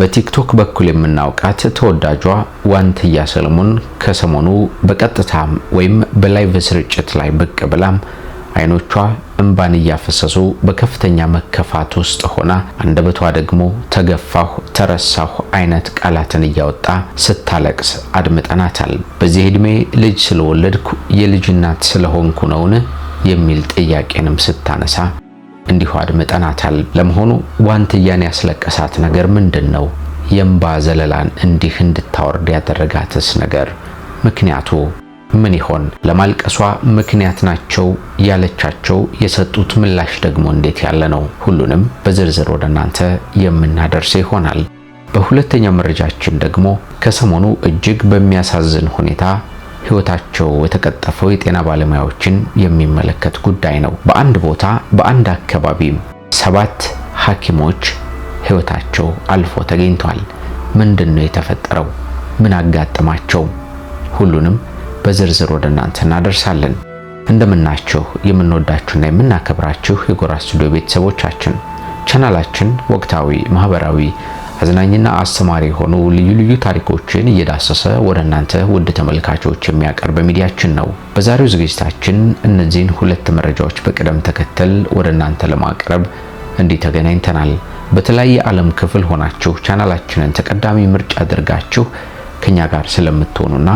በቲክቶክ በኩል የምናውቃት ተወዳጇ ዋንትያ ሰለሞን ከሰሞኑ በቀጥታ ወይም በላይቭ ስርጭት ላይ ብቅ ብላም አይኖቿ እንባን እያፈሰሱ በከፍተኛ መከፋት ውስጥ ሆና አንደበቷ ደግሞ ተገፋሁ፣ ተረሳሁ አይነት ቃላትን እያወጣ ስታለቅስ አድምጠናታል። በዚህ ዕድሜ ልጅ ስለወለድኩ የልጅ እናት ስለሆንኩ ነውን የሚል ጥያቄንም ስታነሳ እንዲሁ አድምጠናታል። ለመሆኑ ዋንትያን ያስለቀሳት ነገር ምንድን ነው? የእምባ ዘለላን እንዲህ እንድታወርድ ያደረጋትስ ነገር ምክንያቱ ምን ይሆን? ለማልቀሷ ምክንያት ናቸው ያለቻቸው የሰጡት ምላሽ ደግሞ እንዴት ያለ ነው? ሁሉንም በዝርዝር ወደ እናንተ የምናደርስ ይሆናል። በሁለተኛው መረጃችን ደግሞ ከሰሞኑ እጅግ በሚያሳዝን ሁኔታ ህይወታቸው የተቀጠፈው የጤና ባለሙያዎችን የሚመለከት ጉዳይ ነው። በአንድ ቦታ በአንድ አካባቢም ሰባት ሐኪሞች ህይወታቸው አልፎ ተገኝቷል። ምንድን ነው የተፈጠረው? ምን አጋጠማቸው? ሁሉንም በዝርዝር ወደ እናንተ እናደርሳለን። እንደምናችሁ የምንወዳችሁና የምናከብራችሁ የጎራ ስቱዲዮ ቤተሰቦቻችን ቻናላችን ወቅታዊ፣ ማህበራዊ አዝናኝና አስተማሪ የሆኑ ልዩ ልዩ ታሪኮችን እየዳሰሰ ወደ እናንተ ውድ ተመልካቾች የሚያቀርብ ሚዲያችን ነው። በዛሬው ዝግጅታችን እነዚህን ሁለት መረጃዎች በቅደም ተከተል ወደ እናንተ ለማቅረብ እንዲህ ተገናኝተናል። በተለያየ ዓለም ክፍል ሆናችሁ ቻናላችንን ተቀዳሚ ምርጫ አድርጋችሁ ከኛ ጋር ስለምትሆኑና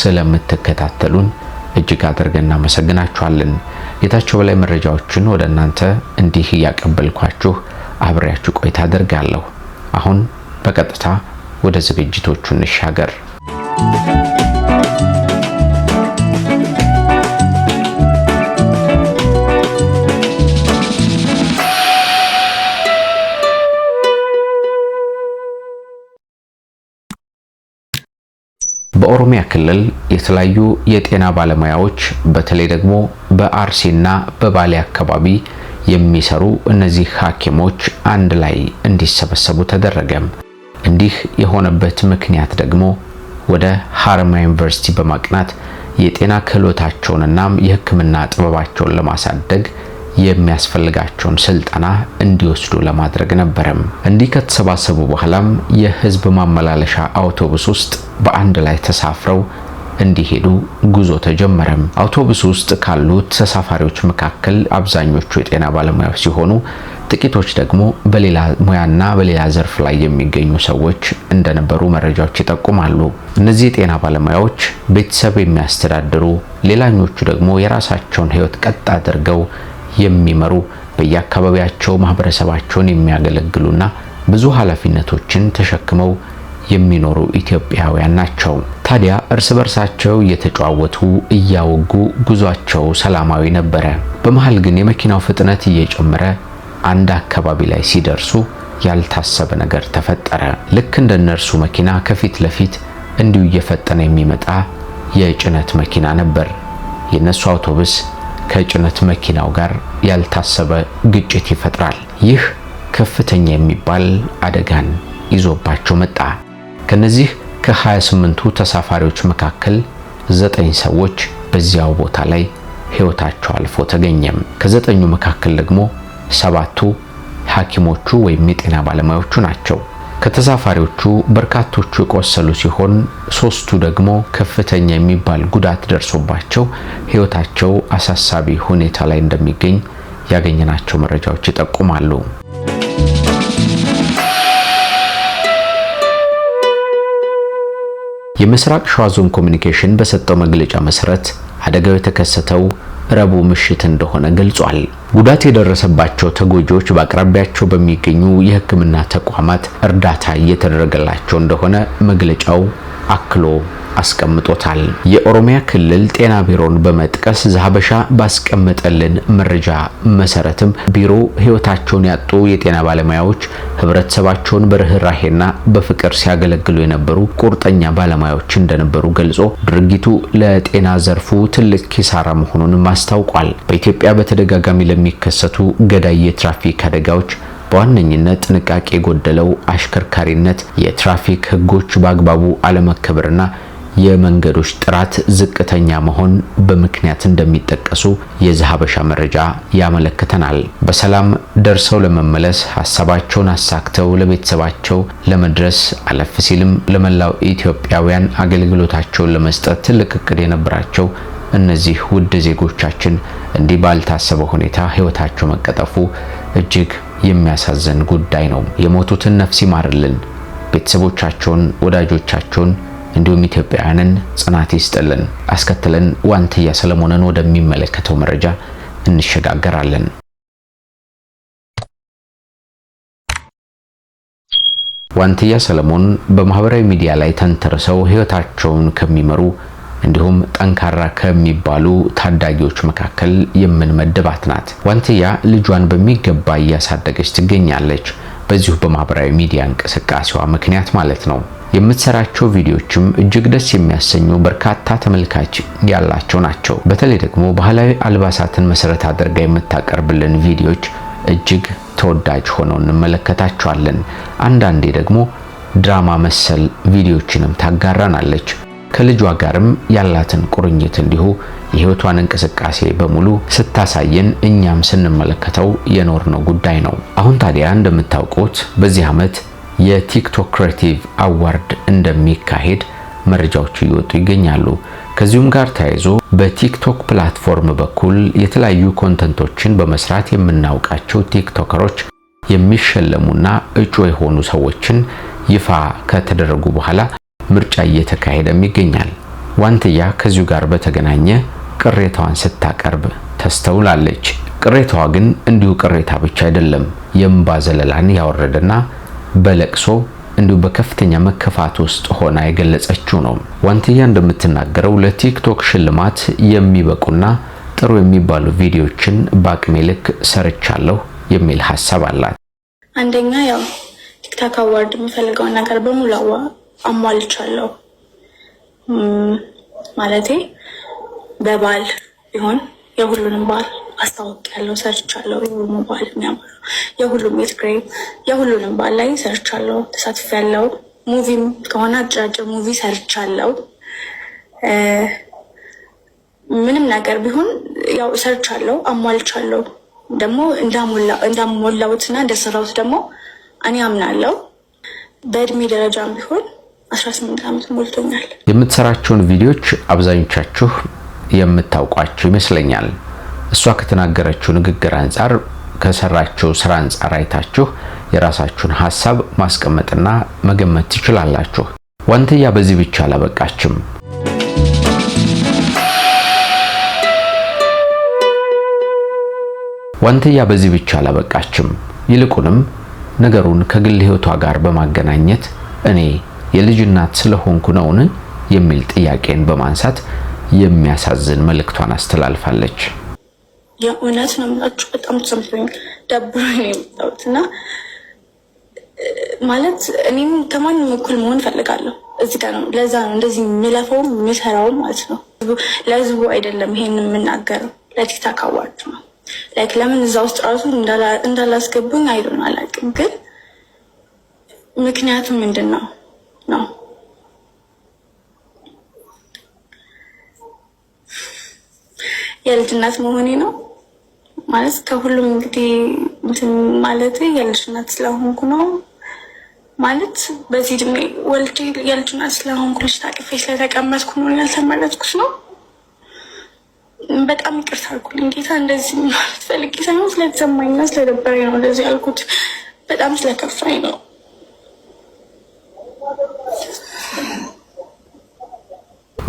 ስለምትከታተሉን እጅግ አድርገን እናመሰግናችኋለን። ጌታቸው በላይ መረጃዎችን ወደ እናንተ እንዲህ እያቀበልኳችሁ አብሬያችሁ ቆይታ አደርጋለሁ። አሁን በቀጥታ ወደ ዝግጅቶቹ እንሻገር። በኦሮሚያ ክልል የተለያዩ የጤና ባለሙያዎች በተለይ ደግሞ በአርሲና በባሌ አካባቢ የሚሰሩ እነዚህ ሐኪሞች አንድ ላይ እንዲሰበሰቡ ተደረገም። እንዲህ የሆነበት ምክንያት ደግሞ ወደ ሀረማያ ዩኒቨርሲቲ በማቅናት የጤና ክህሎታቸውንና የሕክምና ጥበባቸውን ለማሳደግ የሚያስፈልጋቸውን ስልጠና እንዲወስዱ ለማድረግ ነበረም። እንዲህ ከተሰባሰቡ በኋላም የህዝብ ማመላለሻ አውቶቡስ ውስጥ በአንድ ላይ ተሳፍረው እንዲሄዱ ጉዞ ተጀመረም። አውቶቡስ ውስጥ ካሉት ተሳፋሪዎች መካከል አብዛኞቹ የጤና ባለሙያዎች ሲሆኑ ጥቂቶች ደግሞ በሌላ ሙያና በሌላ ዘርፍ ላይ የሚገኙ ሰዎች እንደነበሩ መረጃዎች ይጠቁማሉ። እነዚህ የጤና ባለሙያዎች ቤተሰብ የሚያስተዳድሩ፣ ሌላኞቹ ደግሞ የራሳቸውን ሕይወት ቀጥ አድርገው የሚመሩ በየአካባቢያቸው ማህበረሰባቸውን የሚያገለግሉና ብዙ ኃላፊነቶችን ተሸክመው የሚኖሩ ኢትዮጵያውያን ናቸው። ታዲያ እርስ በርሳቸው እየተጫወቱ እያወጉ ጉዟቸው ሰላማዊ ነበረ። በመሃል ግን የመኪናው ፍጥነት እየጨመረ አንድ አካባቢ ላይ ሲደርሱ ያልታሰበ ነገር ተፈጠረ። ልክ እንደ እነርሱ መኪና ከፊት ለፊት እንዲሁ እየፈጠነ የሚመጣ የጭነት መኪና ነበር። የነሱ አውቶቡስ ከጭነት መኪናው ጋር ያልታሰበ ግጭት ይፈጥራል። ይህ ከፍተኛ የሚባል አደጋን ይዞባቸው መጣ። ከነዚህ ከ28ቱ ተሳፋሪዎች መካከል ዘጠኝ ሰዎች በዚያው ቦታ ላይ ሕይወታቸው አልፎ ተገኘም። ከዘጠኙ መካከል ደግሞ ሰባቱ ሐኪሞቹ ወይም የጤና ባለሙያዎቹ ናቸው። ከተሳፋሪዎቹ በርካቶቹ የቆሰሉ ሲሆን ሶስቱ ደግሞ ከፍተኛ የሚባል ጉዳት ደርሶባቸው ሕይወታቸው አሳሳቢ ሁኔታ ላይ እንደሚገኝ ያገኘናቸው መረጃዎች ይጠቁማሉ። የምስራቅ ሸዋ ዞን ኮሚኒኬሽን በሰጠው መግለጫ መሰረት አደጋው የተከሰተው ረቡ ምሽት እንደሆነ ገልጿል። ጉዳት የደረሰባቸው ተጎጂዎች በአቅራቢያቸው በሚገኙ የሕክምና ተቋማት እርዳታ እየተደረገላቸው እንደሆነ መግለጫው አክሎ አስቀምጦታል። የኦሮሚያ ክልል ጤና ቢሮን በመጥቀስ ዛሀበሻ ባስቀመጠልን መረጃ መሰረትም ቢሮ ህይወታቸውን ያጡ የጤና ባለሙያዎች ህብረተሰባቸውን በርህራሄና በፍቅር ሲያገለግሉ የነበሩ ቁርጠኛ ባለሙያዎች እንደነበሩ ገልጾ ድርጊቱ ለጤና ዘርፉ ትልቅ ኪሳራ መሆኑንም አስታውቋል። በኢትዮጵያ በተደጋጋሚ ለሚከሰቱ ገዳይ የትራፊክ አደጋዎች በዋነኝነት ጥንቃቄ የጎደለው አሽከርካሪነት፣ የትራፊክ ህጎች በአግባቡ አለመከበርና የመንገዶች ጥራት ዝቅተኛ መሆን በምክንያት እንደሚጠቀሱ የዛሀበሻ መረጃ ያመለክተናል። በሰላም ደርሰው ለመመለስ ሀሳባቸውን አሳክተው ለቤተሰባቸው ለመድረስ አለፍ ሲልም ለመላው ኢትዮጵያውያን አገልግሎታቸውን ለመስጠት ትልቅ እቅድ የነበራቸው እነዚህ ውድ ዜጎቻችን እንዲህ ባልታሰበ ሁኔታ ህይወታቸው መቀጠፉ እጅግ የሚያሳዝን ጉዳይ ነው። የሞቱትን ነፍስ ይማርልን። ቤተሰቦቻቸውን፣ ወዳጆቻቸውን እንዲሁም ኢትዮጵያውያንን ጽናት ይስጥልን። አስከትለን ዋንትያ ሰለሞንን ወደሚመለከተው መረጃ እንሸጋገራለን። ዋንትያ ሰለሞን በማህበራዊ ሚዲያ ላይ ተንተርሰው ህይወታቸውን ከሚመሩ እንዲሁም ጠንካራ ከሚባሉ ታዳጊዎች መካከል የምንመድባት ናት። ዋንትያ ልጇን በሚገባ እያሳደገች ትገኛለች። በዚሁ በማህበራዊ ሚዲያ እንቅስቃሴዋ ምክንያት ማለት ነው። የምትሰራቸው ቪዲዮዎችም እጅግ ደስ የሚያሰኙ በርካታ ተመልካች ያላቸው ናቸው። በተለይ ደግሞ ባህላዊ አልባሳትን መሰረት አድርጋ የምታቀርብልን ቪዲዮዎች እጅግ ተወዳጅ ሆነው እንመለከታቸዋለን። አንዳንዴ ደግሞ ድራማ መሰል ቪዲዮዎችንም ታጋራናለች። ከልጇ ጋርም ያላትን ቁርኝት እንዲሁ የህይወቷን እንቅስቃሴ በሙሉ ስታሳየን እኛም ስንመለከተው የኖርነው ጉዳይ ነው። አሁን ታዲያ እንደምታውቁት በዚህ ዓመት የቲክቶክ ክሬቲቭ አዋርድ እንደሚካሄድ መረጃዎቹ እየወጡ ይገኛሉ። ከዚሁም ጋር ተያይዞ በቲክቶክ ፕላትፎርም በኩል የተለያዩ ኮንተንቶችን በመስራት የምናውቃቸው ቲክቶከሮች የሚሸለሙና እጩ የሆኑ ሰዎችን ይፋ ከተደረጉ በኋላ ምርጫ እየተካሄደም ይገኛል። ዋንትያ ከዚሁ ጋር በተገናኘ ቅሬታዋን ስታቀርብ ተስተውላለች። ቅሬታዋ ግን እንዲሁ ቅሬታ ብቻ አይደለም፣ የእምባ ዘለላን ያወረደና በለቅሶ እንዲሁም በከፍተኛ መከፋት ውስጥ ሆና የገለጸችው ነው። ዋንትያ እንደምትናገረው ለቲክቶክ ሽልማት የሚበቁና ጥሩ የሚባሉ ቪዲዮዎችን በአቅሜ ልክ ሰርቻለሁ የሚል ሀሳብ አላት። አንደኛ ያው ቲክታክ አዋርድ የምፈልገውን ነገር በሙሉ አሟልቻለሁ ማለቴ በባል ቢሆን የሁሉንም ባል አስታውቂያለሁ፣ ሰርቻለሁ። ሞባይል የሚያማሩ የሁሉም የትግራይ የሁሉንም ባል ላይ ሰርች አለው ተሳትፍ ያለው ሙቪም ከሆነ አጭራጭር ሙቪ ሰርች አለው ምንም ነገር ቢሆን ያው ሰርቻለሁ፣ አለው ደግሞ እና እንደሰራውት ደግሞ እኔ አምናለው በእድሜ ደረጃም ቢሆን 18 ዓመት ሞልቶኛል። የምትሰራቸውን ቪዲዮዎች አብዛኞቻችሁ የምታውቋቸው ይመስለኛል። እሷ ከተናገረችው ንግግር አንጻር ከሰራችው ስራ አንጻር አይታችሁ የራሳችሁን ሀሳብ ማስቀመጥና መገመት ትችላላችሁ። ዋንትያ በዚህ ብቻ አላበቃችም። ዋንትያ በዚህ ብቻ አላበቃችም። ይልቁንም ነገሩን ከግል ህይወቷ ጋር በማገናኘት እኔ የልጅ እናት ስለሆንኩ ነውን የሚል ጥያቄን በማንሳት የሚያሳዝን መልእክቷን አስተላልፋለች። የእውነት ነው የምላችሁ በጣም ተሰምቶኝ ደብሮ ነው የመጣሁት እና ማለት እኔም ከማንም እኩል መሆን ፈልጋለሁ። እዚህ ጋር ነው ለዛ ነው እንደዚህ የሚለፈውም የሚሰራውም ማለት ነው። ለህዝቡ አይደለም ይሄን የምናገረው ለቲክታክ አዋርድ ነው። ላይክ ለምን እዛ ውስጥ ራሱ እንዳላስገቡኝ አይሉን አላውቅም፣ ግን ምክንያቱም ምንድን ነው ነው የልጅነት መሆኔ ነው። ማለት ከሁሉም እንግዲህ ማለት የልጅ እናት ስለሆንኩ ነው። ማለት በዚህ እድሜ ወልጄ የልጅ እናት ስለሆንኩ ልጅ ታቅፌ ስለተቀመጥኩ ነው ያልተመረጥኩት ነው። በጣም ይቅርታ አልኩልኝ ጌታ። እንደዚህ ማለት ፈልጌ ሳይሆን ስለተሰማኝና ስለደበረኝ ነው እንደዚህ ያልኩት። በጣም ስለከፋኝ ነው።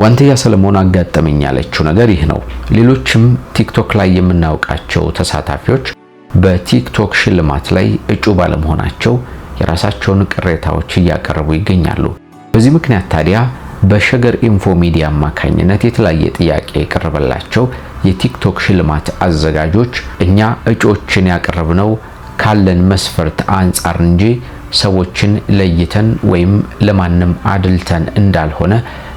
ዋንትያ ሰለሞን አጋጠመኝ ያለችው ነገር ይህ ነው። ሌሎችም ቲክቶክ ላይ የምናውቃቸው ተሳታፊዎች በቲክቶክ ሽልማት ላይ እጩ ባለመሆናቸው የራሳቸውን ቅሬታዎች እያቀረቡ ይገኛሉ። በዚህ ምክንያት ታዲያ በሸገር ኢንፎ ሚዲያ አማካኝነት የተለያየ ጥያቄ የቀረበላቸው የቲክቶክ ሽልማት አዘጋጆች እኛ እጩዎችን ያቀረብነው ካለን መስፈርት አንጻር እንጂ ሰዎችን ለይተን ወይም ለማንም አድልተን እንዳልሆነ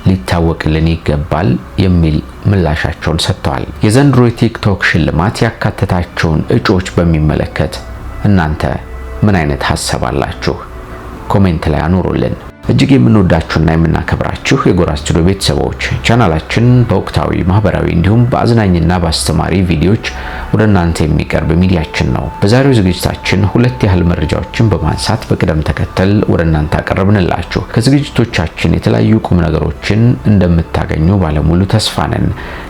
ሊታወቅልን ይገባል የሚል ምላሻቸውን ሰጥተዋል። የዘንድሮ የቲክቶክ ሽልማት ያካተታቸውን እጩዎች በሚመለከት እናንተ ምን አይነት ሀሳብ አላችሁ? ኮሜንት ላይ አኑሩልን። እጅግ የምንወዳችሁና የምናከብራችሁ የጎራ ስቱዲዮ ቤተሰቦች ቻናላችን በወቅታዊ ማህበራዊ፣ እንዲሁም በአዝናኝና በአስተማሪ ቪዲዮዎች ወደ እናንተ የሚቀርብ ሚዲያችን ነው። በዛሬው ዝግጅታችን ሁለት ያህል መረጃዎችን በማንሳት በቅደም ተከተል ወደ እናንተ አቀረብንላችሁ። ከዝግጅቶቻችን የተለያዩ ቁም ነገሮችን እንደምታገኙ ባለሙሉ ተስፋ ነን።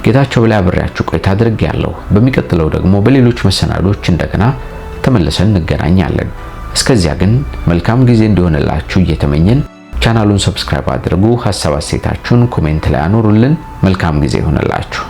ጌታቸው በላይ አብሬያችሁ ቆይታ አድርጌያለሁ። በሚቀጥለው ደግሞ በሌሎች መሰናዶች እንደገና ተመልሰን እንገናኛለን። እስከዚያ ግን መልካም ጊዜ እንዲሆንላችሁ እየተመኘን ቻናሉን ሰብስክራይብ አድርጉ። ሀሳብ አስተያየታችሁን ኮሜንት ላይ አኖሩልን። መልካም ጊዜ ይሆንላችሁ።